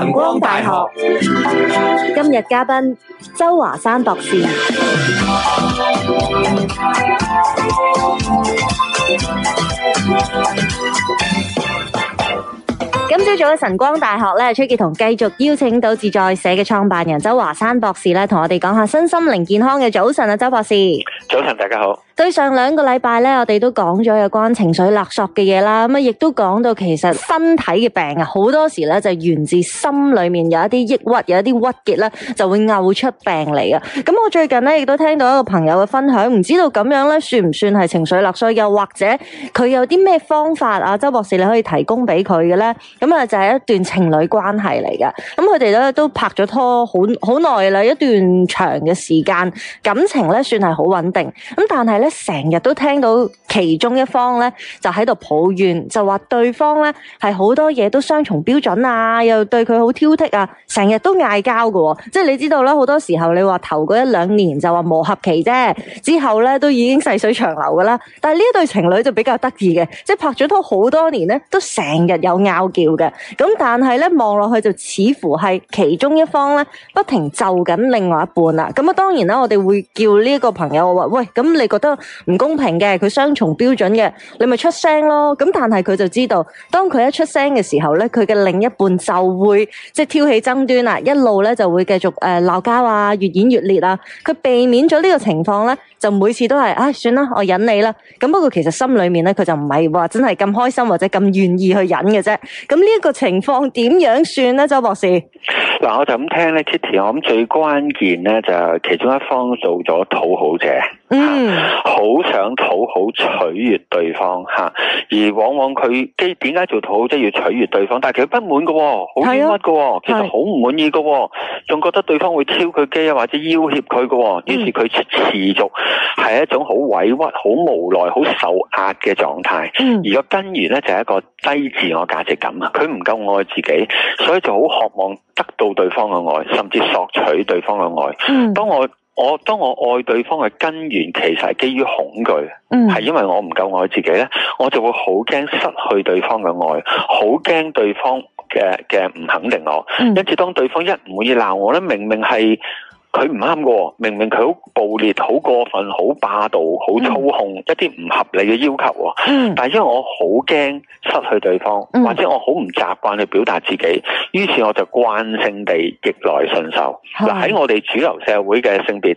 晨光大學今日嘉賓周華山博士。今朝早喺晨光大學呢，崔潔彤繼續邀請到自在社嘅創辦人周華山博士呢，同我哋講下身心靈健康嘅。早晨啊，周博士。早晨，大家好。對上兩個禮拜咧，我哋都講咗有關情緒勒索嘅嘢啦，咁啊，亦都講到其實身體嘅病啊，好多時咧就源自心裏面有一啲抑鬱，有一啲鬱結咧就會拗出病嚟嘅。咁我最近咧亦都聽到一個朋友嘅分享，唔知道咁樣咧算唔算係情緒勒索？又或者佢有啲咩方法啊？周博士你可以提供俾佢嘅咧？咁啊，就係一段情侶關係嚟嘅。咁佢哋咧都拍咗拖好好耐啦，一段長嘅時間，感情咧算係好穩定。咁但係咧，成日都聽到其中一方咧就喺度抱怨，就話對方咧係好多嘢都雙重標準啊，又對佢好挑剔啊，成日都嗌交嘅。即係你知道啦，好多時候你話頭嗰一兩年就話磨合期啫，之後咧都已經細水長流嘅啦。但係呢一對情侶就比較得意嘅，即係拍咗拖好多年咧，都成日有拗撬嘅。咁但係咧，望落去就似乎係其中一方咧不停就緊另外一半啦。咁啊當然啦，我哋會叫呢個朋友我話喂，咁你覺得？唔公平嘅，佢雙重標準嘅，你咪出聲咯。咁但係佢就知道，當佢一出聲嘅時候咧，佢嘅另一半就會即係挑起爭端啊，一路咧就會繼續誒鬧交啊，越演越烈啊。佢避免咗呢個情況咧，就每次都係啊、哎，算啦，我忍你啦。咁不過其實心裏面咧，佢就唔係話真係咁開心或者咁願意去忍嘅啫。咁呢一個情況點樣算咧，周博士？嗱，我就咁聽咧，Kitty，我諗最關鍵咧就係其中一方做咗討好者。嗯，mm hmm. 啊、想討好想討好取悅對方吓，啊，而往往佢基點解做討好即係、就是、要取悅對方，但係佢不滿噶、哦，的好委屈噶，其實好唔滿意噶、哦，仲的覺得對方會挑佢機啊，或者要挾佢噶，於是佢持續係一種好委屈、好無奈、好受壓嘅狀態。Mm hmm. 而個根源咧就係、是、一個低自我價值感啊，佢唔夠愛自己，所以就好渴望得到對方嘅愛，甚至索取對方嘅愛。Mm hmm. 當我我當我愛對方嘅根源，其實係基於恐懼，係因為我唔夠愛自己咧，我就會好驚失去對方嘅愛，好驚對方嘅嘅唔肯定我，因此當對方一唔滿意鬧我咧，明明係。佢唔啱㗎，明明佢好暴烈、好過分、好霸道、好操控、嗯、一啲唔合理嘅要求，嗯、但係因為我好驚失去對方，嗯、或者我好唔習慣去表達自己，於是我就慣性地逆來順受。嗱的，喺我哋主流社會嘅性別。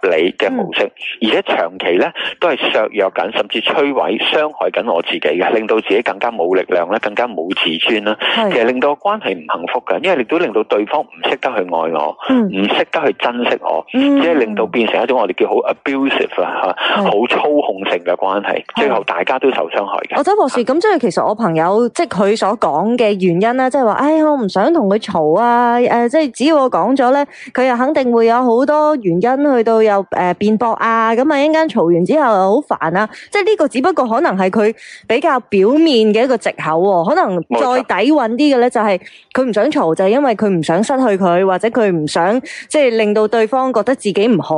合理嘅模式，嗯、而且長期咧都係削弱緊甚至摧毀傷害緊我自己嘅，令到自己更加冇力量啦，更加冇自尊啦。是其實令到關係唔幸福嘅，因為亦都令到對方唔識得去愛我，唔識、嗯、得去珍惜我，即係、嗯、令到變成一種我哋叫好 abusive、嗯、啊，嚇是，好操控性嘅關係，最後大家都受傷害嘅。周是博士，咁、嗯、即係其實我朋友即係佢所講嘅原因啦，即係話誒我唔想同佢嘈啊，誒即係只要我講咗咧，佢又肯定會有好多原因去到。有誒辯駁啊，咁啊一陣間嘈完之後好煩啊。即係呢個只不過可能係佢比較表面嘅一個借口，啊，可能再底蘊啲嘅咧就係佢唔想嘈就係因為佢唔想失去佢，或者佢唔想即係令到對方覺得自己唔好，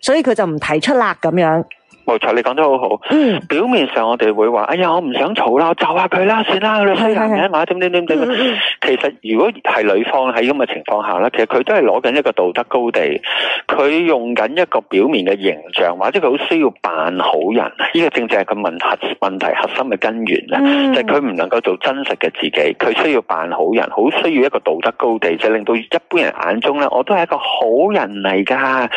所以佢就唔提出啦咁樣。冇錯，你講得好好。嗯、表面上我哋會話，哎呀，我唔想嘈啦，我就下佢啦，算啦，你衰男人嘛，點點點點。其實如果係女方喺咁嘅情況下咧，其實佢都係攞緊一個道德高地，佢用緊一個表面嘅形象，或者佢好需要扮好人。呢、呢個正正係個問題問題核心嘅根源咧，嗯、就係佢唔能夠做真實嘅自己，佢需要扮好人，好需要一個道德高地，就是、令到一般人眼中咧，我都係一個好人嚟噶，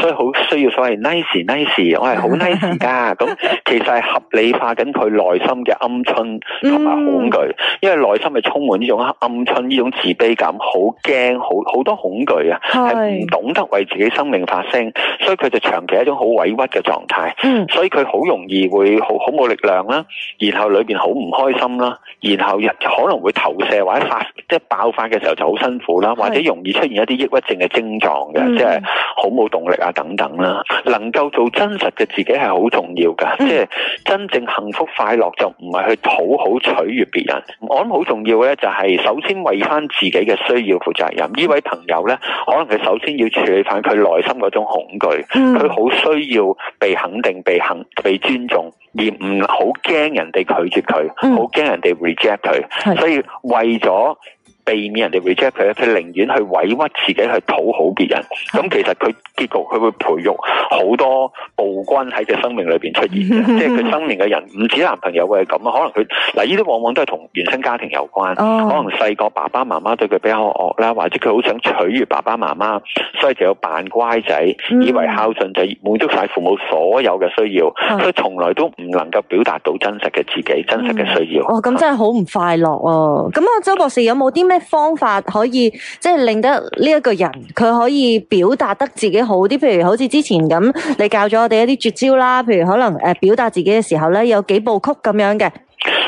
所以好需要所謂 nice nice，的我係好 nice。而家咁， 其實係合理化緊佢內心嘅暗春同埋恐懼，嗯、因為內心係充滿呢種暗春、呢種自卑感，好驚，好好多恐懼啊，係唔是懂得為自己生命發聲，所以佢就長期一種好委屈嘅狀態。嗯、所以佢好容易會好好冇力量啦，然後裏邊好唔開心啦，然後日可能會投射或者發即係爆發嘅時候就好辛苦啦，是或者容易出現一啲抑鬱症嘅症狀嘅，即係是。嗯好冇動力啊，等等啦，能夠做真實嘅自己係好重要㗎，即係真正幸福快樂就唔係去討好取悦別人。我諗好重要嘅，就係首先為翻自己嘅需要負責任。呢位朋友呢，可能佢首先要處理翻佢內心嗰種恐懼，佢好需要被肯定、被肯、被尊重，而唔好驚人哋拒絕佢，好驚人哋 reject 佢，所以為咗。避免人哋 reject 佢，佢寧願去委屈自己去討好別人。咁是的 其實佢結局，佢會培育好多暴君喺佢生命裏邊出現 即係佢生命嘅人唔止男朋友會咁啊。可能佢嗱，呢啲往往都係同原生家庭有關。哦、可能細個爸爸媽媽對佢比較惡啦，或者佢好想取悅爸爸媽媽，所以就有扮乖仔，嗯、以為孝順仔滿足晒父母所有嘅需要，嗯、所以從來都唔能夠表達到真實嘅自己，真實嘅需要。嗯、哦，咁真係好唔快樂哦。咁啊，周博士有冇啲？方法可以，即係令得呢一個人佢可以表達得自己好啲。譬如好似之前咁，你教咗我哋一啲絕招啦，譬如可能誒表達自己嘅時候咧，有幾部曲咁樣嘅。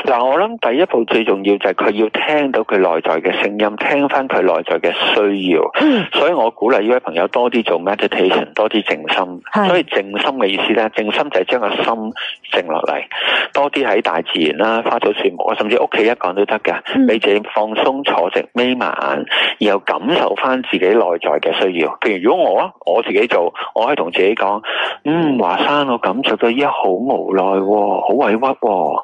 嗱，我諗第一步最重要就係佢要聽到佢內在嘅聲音，聽翻佢內在嘅需要。 所以我鼓勵呢位朋友多啲做 meditation，多啲靜心。 所以靜心嘅意思咧，靜心就係將個心靜落嚟，多啲喺大自然啦、啊、花草樹木啊，甚至屋企一個人都得嘅。 你自己放鬆坐直，眯埋眼，然後感受翻自己內在嘅需要。譬如如果我啊，我自己做，我可以同自己講：嗯，華生，我感受到依家好無奈，好委屈，哦。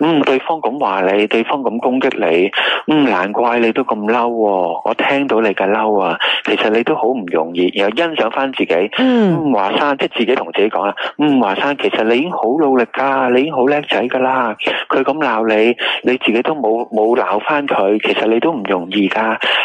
嗯，對。對方咁話你，對方咁攻擊你，唔、嗯、難怪你都咁嬲、哦。我聽到你嘅嬲啊，其實你都好唔容易，然後欣賞翻自己。嗯，華生，即係自己同自己講啦。嗯，華生，其實你已經好努力噶，你已經好叻仔噶啦。佢咁鬧你，你自己都冇冇鬧翻佢，其實你都唔容易噶。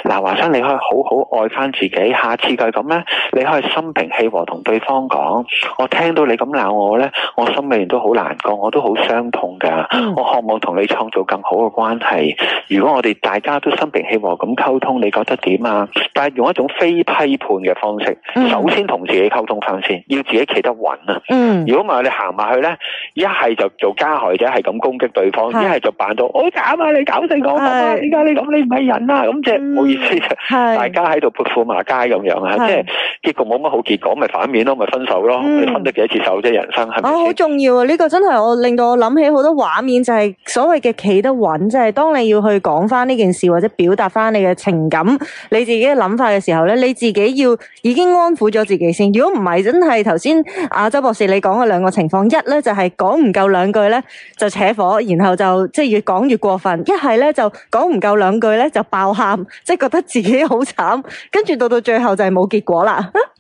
嗱、嗯，華生，你可以好好愛翻自己。下次佢咁咧，你可以心平氣和同對方講。我聽到你咁鬧我咧，我心裏面都好難過，我都好傷痛噶。我渴望，同你創造更好嘅關係。如果我哋大家都心平氣和咁溝通，你覺得點啊？但係用一種非批判嘅方式，首先同自己溝通返先，要自己企得穩啊。嗯，如果唔係你行埋去咧，一係就做加害者，係咁攻擊對方；一係就扮到好慘啊，你搞成我咁啊，點解你咁？你唔係人啊？咁即係唔好意思。係大家喺度潑婦罵街咁樣啊，即係結局冇乜好結果，咪反面咯，咪分手咯。你分得幾多次手啫？人生係咪？啊，好重要啊！呢個真係我令到我諗起好多畫面，就係。所謂嘅企得穩，即係當你要去講翻呢件事或者表達翻你嘅情感、你自己嘅諗法嘅時候，你自己要已經安撫咗自己先。如果唔係，真係頭先啊周博士你講嘅兩個情況，一呢，就係講唔夠兩句咧就扯火，然後就即係越講越過分；一係呢，就講唔夠兩句咧就爆喊，即係覺得自己好慘，跟住到到最後就係冇結果啦。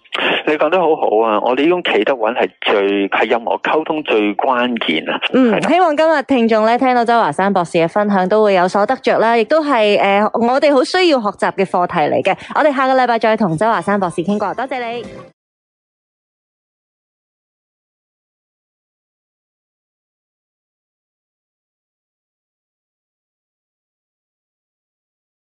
你講得好好啊！我哋呢種企得穩係最係任何溝通最關鍵啊！嗯，希望今日聽眾咧聽到周華山博士嘅分享都會有所得着啦，亦都係誒、呃、我哋好需要學習嘅課題嚟嘅。我哋下個禮拜再同周華山博士傾過，多謝你。